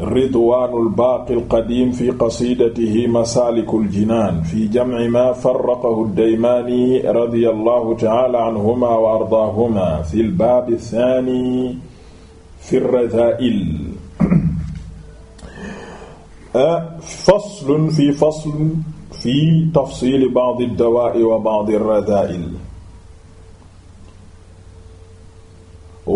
ridwaanul baaqil qadiim fi qasiidatihi masaalikul jinaan fi jamci maa farraqahu daymaani radiyallahu ta'aala anhumaa wa ardaahumaa fil baabi saani fi razaa'il. faslun fi faslun fi tafsiili ba'di dawaa'i wa ba'di razaa'il.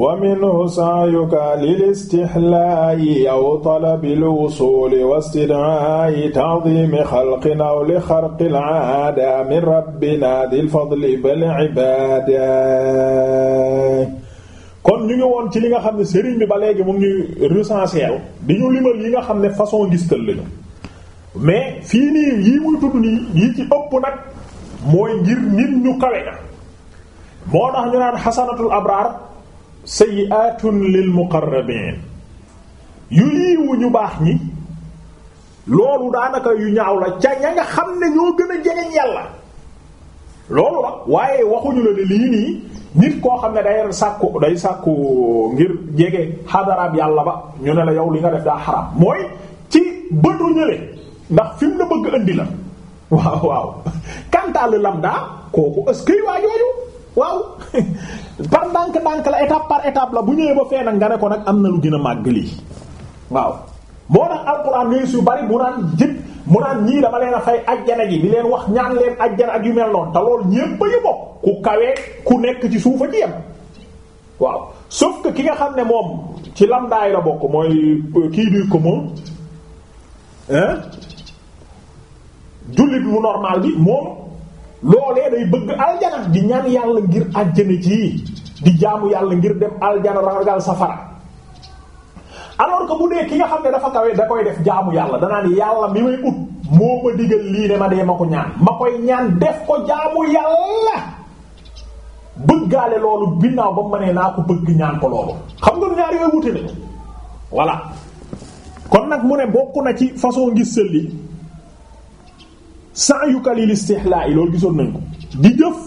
wa minhu saayuka lil istihlaa'i aw talabil wusuuli wa istid'aa'i ta'ziimi xalqin aw li xarqil 'aada min rabbinaa dil fadli bil 'ibaada kon ñu ngi woon ci li nga xam ne sëriñ bi ba léegi mu ngi recenser di ñu limal yi nga xam ne façon ngistal lañu mais fii nii yii muy tudd nii yii ci ëpp nag mooy ngir nit ñu kawe moo tax ñu naan xasanatul abraar sayyi'atun lil muqarrabin yu yiwu ñu baax ñi loolu daanaka yu ñaaw la ca ña nga xam ne ñoo gën a jegeñ yàlla loolu la waaye waxuñu la ne lii nii nit koo xam ne day sàkku day sàkku ngir jege xadaraab yàlla ba ñu ne la yow li nga def daa xaram mooy ci bëtu ñële ndax fi mu bëgg andi la waaw waaw kantaal lam daa kooku ëskey waa yooyu waaw par ndànk-ndànk la étape par étape la bu ñëwee ba fee nag nga ne ko nag am na lu gën a màgg lii waaw moo tax alxuraan ngay su bari mu naan jëkk mu naan ñii dama leen a fay ajjana ji di leen wax ñaan leen ajjana ak yu mel noonu te loolu ñépp yu bokk ku kawee ku nekk ci suufa ci yem waaw sauf ki nga xam ne moom ci lamdaay la bokk mooy euh, kii du commun hein jullit bu normal bi moom loolee day bëgg aljana di ñaan yàlla ngir àjjana ci di jaamu yàlla ngir dem aljana ragal safara alors que bu dee ki nga xam ne dafa kawe da koy def jaamu yàlla danaa ni yàlla mi may ut moo ma digal lii ne ma dee ma ko ñaan ma koy ñaan def ko jaamu yàlla bëggaale loolu ginnaaw ba mu ma nee naa ko bëgg ñaan ko loolu xam nga ñaar yooyu wute ne voilà kon nag mu ne bokk na ci façon ngis sëlli sa'yuka lil istihlaa'i loolu gisoon nañ ko di jëf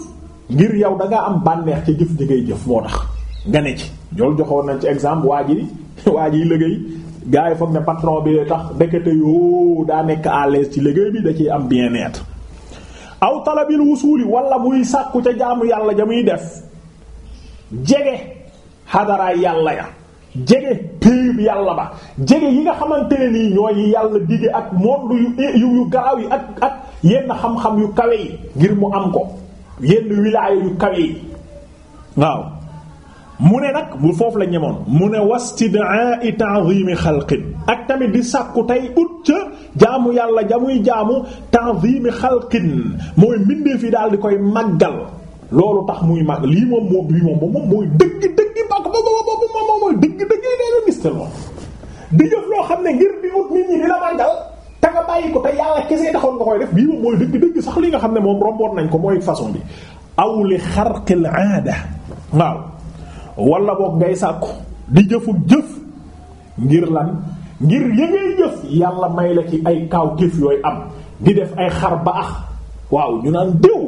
ngir yow da ngaa am bànneex ca jëf ji jëf moo tax nga ne ci loolu joxoon nañ ci exemple waa ji waa ji liggéey gars yi foog ne patron bi tax ndekete yoo daa nekk à l'aise ci liggéey bi da ciy am bien-être aw talabil wusuuli wala muy sàkku ca jaamu yàlla ja muy def jege xadaraay yàlla ya jege péeyub yàlla ba jege yi nga xamante nii ñooy yàlla dige ak monde yu yu garaaw yi ak ak yenn xam-xam yu kawe yi ngir mu am ko yenn wilaaya yu kawe yi waaw mu ne nag bu foofu la ñemoon mu ne wastidaa ta'zimi xalqin ak tamit di sàkku tey ut ca jaamu yàlla jamuy jaamu ta'zimi xalqin mooy mbindeef yi daal di koy màggal loolu tax muy màgg lii moom moom lii moom mooy dëgg dëgg bàq ba ba ba moom mooy dëgg dëgg yi day la gis te di jëf loo xam ne ngir di ut nit ñi di la te bàyyi ko te yàlla kese taxoon nga koy def bii moom mooy dëgg-dëgg sax li nga xam ne moom romboon nañ ko mooy façon bi aw li xarqil aada waaw wala boog ngay di jëfug jëf ngir lan ngir yëgee yàlla may la ci ay kaaw jëf yooyu am di def ay xar baax waaw ñu naan déw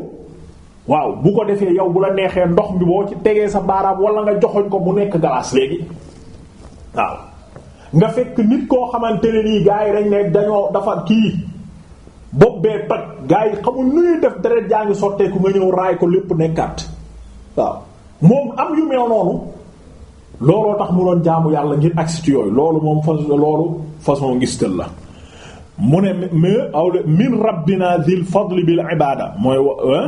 waaw bu ko defee yow bu la neexee ndox mi boo ci tegee sa baaraam wala nga joxoñ ko bu nekk galaas léegi waaw nga fekk nit koo xamante ne nii gaa yi dañ ne dañoo dafa kii bopp bee toj gars yi xamul nuy def deret jaa ngi sotteeku nga ñëw raay ko lépp nekkaat waaw moom am yu mel noonu looloo tax mu doon jaamu yàlla ngir accident yooyu loolu moom façon loolu façon ngistal la mu ne mais aw min rabbina dhil fadli bil ibada mooy eh?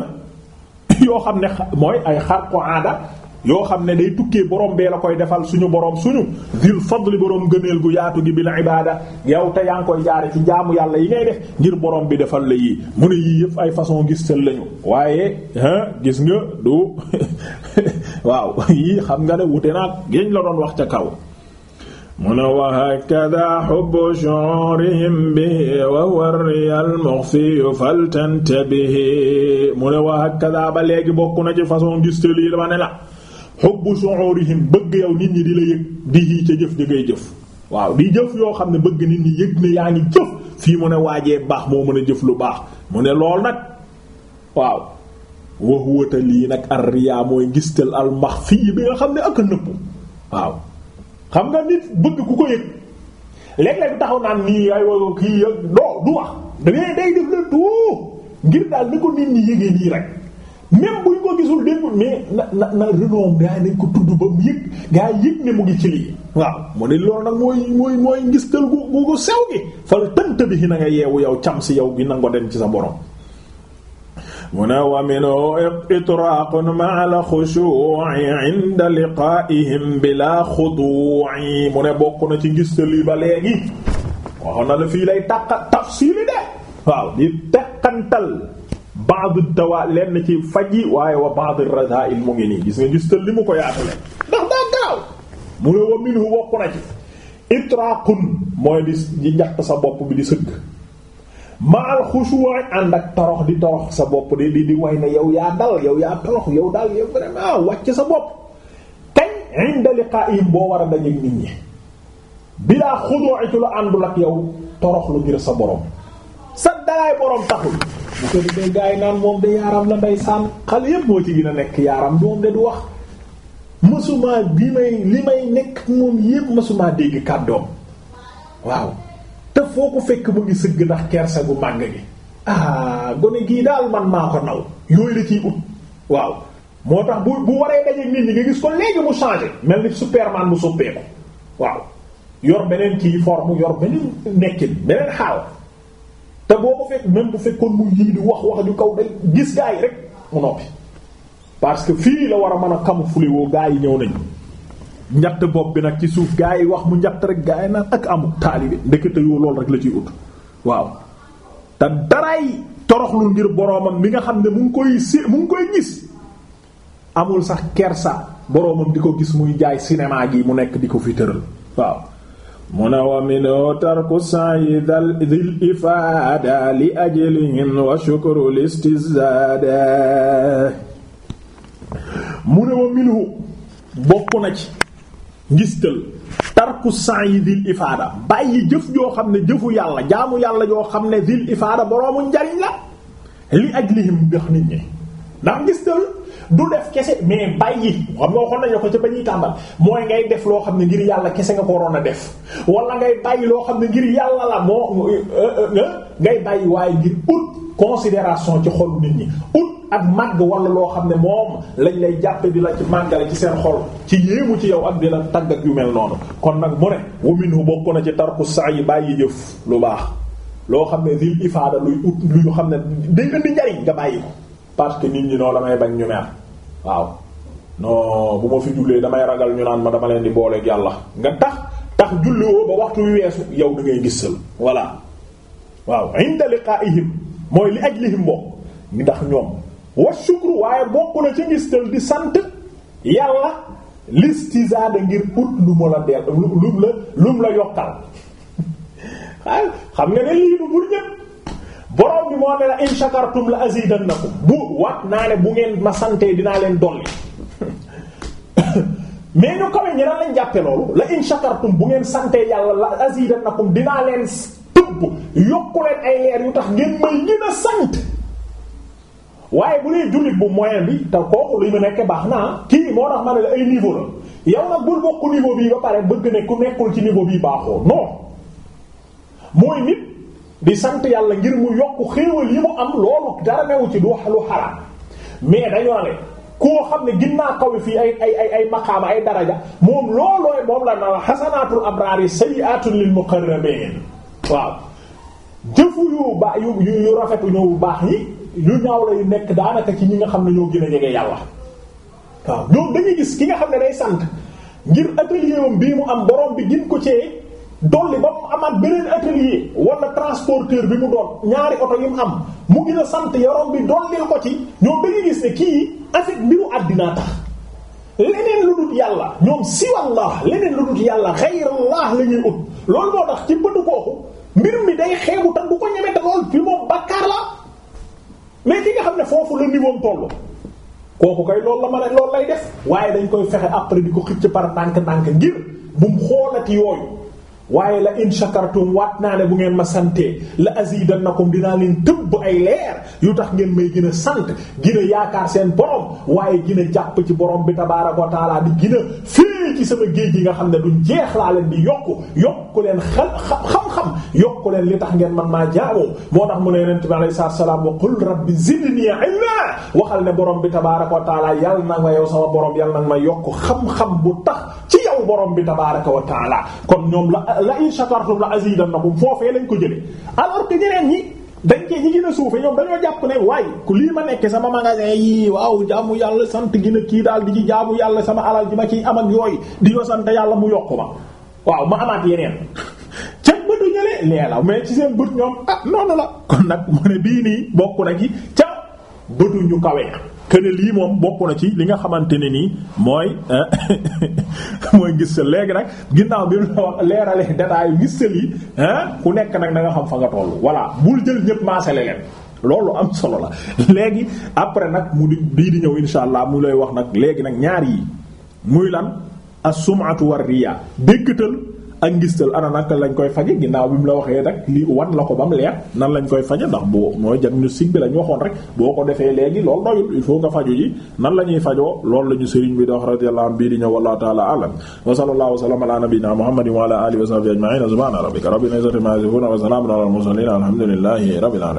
yoo xam ne mooy ay xar ko aada yoo xam ne day tukkee borom bee la koy defal suñu borom suñu dil fadli borom gëneel gu yaatu gi bil ibada yow te yaa ngi koy jaare ci jaamu yàlla yi ngay def ngir borom bi defal la yii mu ne yii yëpp ay façon gis tël lañu waaye gis nga du waaw yii xam nga ne wute naag la doon wax ca kaw. mu ne wa hakada hubbu shu'urihim bihi mu ne wa hakada ba léegi bokk na ci façon gis tël yi la ne la. hubbu shu'urihim bëgg yow nit ñi di la yëg di yii ca jëf di jëf waaw di jëf yoo xam ne bëgg nit ñi yëg ne yaa ngi jëf fii mu ne waajee baax moo mën a jëf lu baax mu ne lool nag waaw wax lii nag ar mooy mooy ngistal al maxfi bi nga xam ne ak a nëbbu waaw xam nga nit bëgg ku ko yëg léeg-léeg bu taxaw naan nii ay wa kii doo du wax da ngay day def la tout ngir daal ni ko nit ñi yëgee nii rek même bu gisul démb mais na na na renom gaa yi nañ ko tudd ba mu yëg gaa yëg ne mu ngi ci lii waaw mu ne loolu nag mooy mooy ngis tël gu gu sew gi fal tënt bi na nga yeewu yow cam si yow gi nango dem ci sa borom mu ne wa minhu itraaqun ma'a al mu ne bokk na ci ngis tël yi ba léegi waxoon na la fii lay tàqa tafsiili de waaw di teqantal ba'd ad-dawa lenn ci faj yi waaye wa ba'd ar-rasaa'il mu ngi nii te li mu ko yaatale ndax daa gaaw mu ne wa minhu wokku na ci itraqun mooy di di sa bopp bi di sëgg ma al xushuwaay ànd ak torox di torox sa bopp di di di way ne yow yaa dal yow yaa torox yow daal yow vraiment wàcc sa bopp kañ inda liqa'ihim boo war a daje nit ñi bilaa xudu'i la àndul ak torox lu ngir sa borom sa dalaay borom taxul bu ko defee gars yi naan moom de yaaram la nday sànn xale yépp moo ci gën a nekk yaaram moom de du wax mësuma bi may li may nekk moom yépp mësuma dégg kàddoom waaw te foo ko fekk mu ngi sëgg ndax kersa gu màgg gi ah, gone gii daal man maa ko naw yooyu la ciy ut waaw moo tax bu bu waree dajeeg nit ñi nga gis ko léegi mu changé mel ni superman mu soppeeku waaw yor beneen kii forme yor beneen nekkin beneen xaal te boo ko fekk même bu fekkoon mu ngi di wax wax ju kaw day gis gaa yi rek mu noppi parce que fii la war a mën a camoufler woo gaa yi ñëw nañ njatt bopp bi nag ci suuf gaa yi wax mu njatt rek gaa yi naan ak amuk taalibe ndekete yoo loolu rek la ciy ut waaw te daraay toroxlu ngir boroomam mi nga xam ne mu ngi koy si mu ngi koy gis amul sax kersa boroomam di ko gis muy jaay cinéma gi mu nekk di ko fi tëral waaw mu ne wa minhu tarku sa'yi dhil ifaada li ajlihim wa shukru listizaada mu ne wa minhu bokk na ci ngistal tarku sa'yi dhil ifaada bàyyi jëf joo xam ne jëfu yàlla jaamu yàlla joo xam ne dhil ifaada boroomu njariñ la li ajlihim ndax nit ñi ndax ngistal du def kese mais bàyyi xam nga waxoon nañu ko ca ba ñuy tàmbal mooy ngay def loo xam ne ngir yàlla kese nga ko waroon a def wala ngay bàyyi loo xam ne ngir yàlla la moo euh, euh, euh, ngay bàyyi waaye ngir ut considération ci xolu nit ñi ut ak màgg wala loo xam ne moom lañ lay jàppe di la ci màggale ci seen xol ci yéemu ci yow ak di la tagg ak yu mel noonu kon nag mu ne waminu bokk na ci tarku saa yi bàyyi jëf lu baax loo xam ne dil ifaada luy ut lu ñu xam ne day indi njariñ nga bàyyi ko parce que nit ñi noo damay bañ ñu mer waaw non bu ma fi jullee damay ragal ñu naan ma dama leen di booleeg yàlla nga tax tax julliwoo ba waxtu weesu yow da ngay gisal voilà waaw inda liqa'ihim mooy li ak bokk ndax ñoom wa shukru waaye bokk na ci sant yàlla listizaada ngir ut lu mu la dell lu lu mu la yokkal xam nga ne lii du ñëpp borom bi moo ne la in shakartum la azidannakum bu waat naa ne bu ngeen ma santee dinaa leen dolli mais ñu kawe ñi lan lañ jàppe loolu la in shakartum bu ngeen santee yàlla la azidannakum dinaa leen tëbb yokku leen ay leer yu tax ngeen may gën a sant waaye bu dee jullit bu moyen bi te kooku li ñu nekk baax naa kii moo tax ma ne la ay niveau la yow nag bul bokk niveau bii ba pare bëgg ne ku nekkul ci niveau bii baaxoo non mooy nit di sant yàlla ngir mu yokk xéewal yi mu am loolu dara newu ci du lu xaraam mais dañoo ne koo xam ne ginnaa kaw fii ay ay ay ay maqaama ay daraja moom loolooy moom la na xasanaatul abraari sayyi'aatul lil muqarrabiin waaw jëfu yu ba yu yu rafetu ñëw baax yi yu ñaw la yu nekk daanaka ci ñi nga xam ne ñoo gën a jege yàlla waaw ñoom dañuy gis ki nga xam ne day sant ngir atelier bii mu am borom bi gin ko cee. dolli ba mu amaat beneen atelier wala transporteur bi mu doon ñaari oto yi mu am mu gën a sant yarom bi dollil ko ci ñoom dañuy gis ne kii avec mbiru àddinaa tax leneen lu dul yàlla ñoom siwallah leneen lu dul yàlla xayrallah la ñuy ut loolu moo tax ci bëtu kooku mbir mi day xeebu te du ko ñeme te lool fi moom bakkaar la mais ki nga xam ne foofu la niveau am tollu kooku kay loolu la ma ne lay def waaye dañ koy fexe après di ko xëcc par ndànk-ndànk ngir bu mu xoolati waaye la in shakartum waat naa ne bu ngeen ma santee la azidannakum dinaa leen tëbb ay leer yu tax ngeen may gën a sant gën yaakaar seen borom waaye gën a jàpp ci boroom bi tabaaraka wa taala di gën a ci sama géej gi nga xam ne duñ jeex laa leen di yokku yokku leen xam yokku leen li tax ngeen man maa jaamoo moo tax mu ne yonent bi alayhi salaam wa qul rabbi zidni ilma waxal ne borom bi tabaaraka wa taala yal na ma yow boroom borom yal na ma yokk xam-xam bu tax ci yow boroom bi tabaaraka wa taala kon ñoom la la in shakartum la azidannakum foofee lañ ko jëlee alors que ñeneen ñi dañ cee ñi gën a suufe ñoom dañoo jàpp ne waaye ku lii ma nekk sama magasin yi waaw jaamu yàlla sant gi na kii daal di ci jaamu yàlla sama alal ji ma ciy am ak yooyu di ko sant yàlla mu yokk ma waaw ma amaat yeneen ca bëtu ñële lee la mais ci seen bët ñoom ah noonu la kon nag mu bii nii bokk na ci ca bëtu ñu kawe këne lii moom bokk na ci li nga xamante ne nii mooy euh, mooy gis sa léegi nag ginnaaw bi la leeralee détail gis sa lii ku nekk nag na nga xam fa nga toll voilà bul jël ñëpp maasale leen loolu am solo la léegi après nag mu di di ñëw insha allah mu lay wax nag léegi nag ñaar yi muy lan a sumatu war riya déggatal ak ngistal ana naka lañ koy faje ginnaaw bi mu la waxee rek li wan la ko ba mu leer nan lañ koy faje ndax boo mooy diagnostic bi la ñu waxoon rek boo ko defee léegi loolu doyul il faut nga faju ji nan la fajoo loolu la sëriñ bi dox radiyallahu anhu bii di ñëw wallahu ta'ala a'lam wa sallallahu wa sallama ala nabiyyina muhammadin wa ala alihi wa sahbihi ajma'in subhana rabbika rabbil izzati amma yasifun wa salamun ala al alhamdulillahi rabbil alamin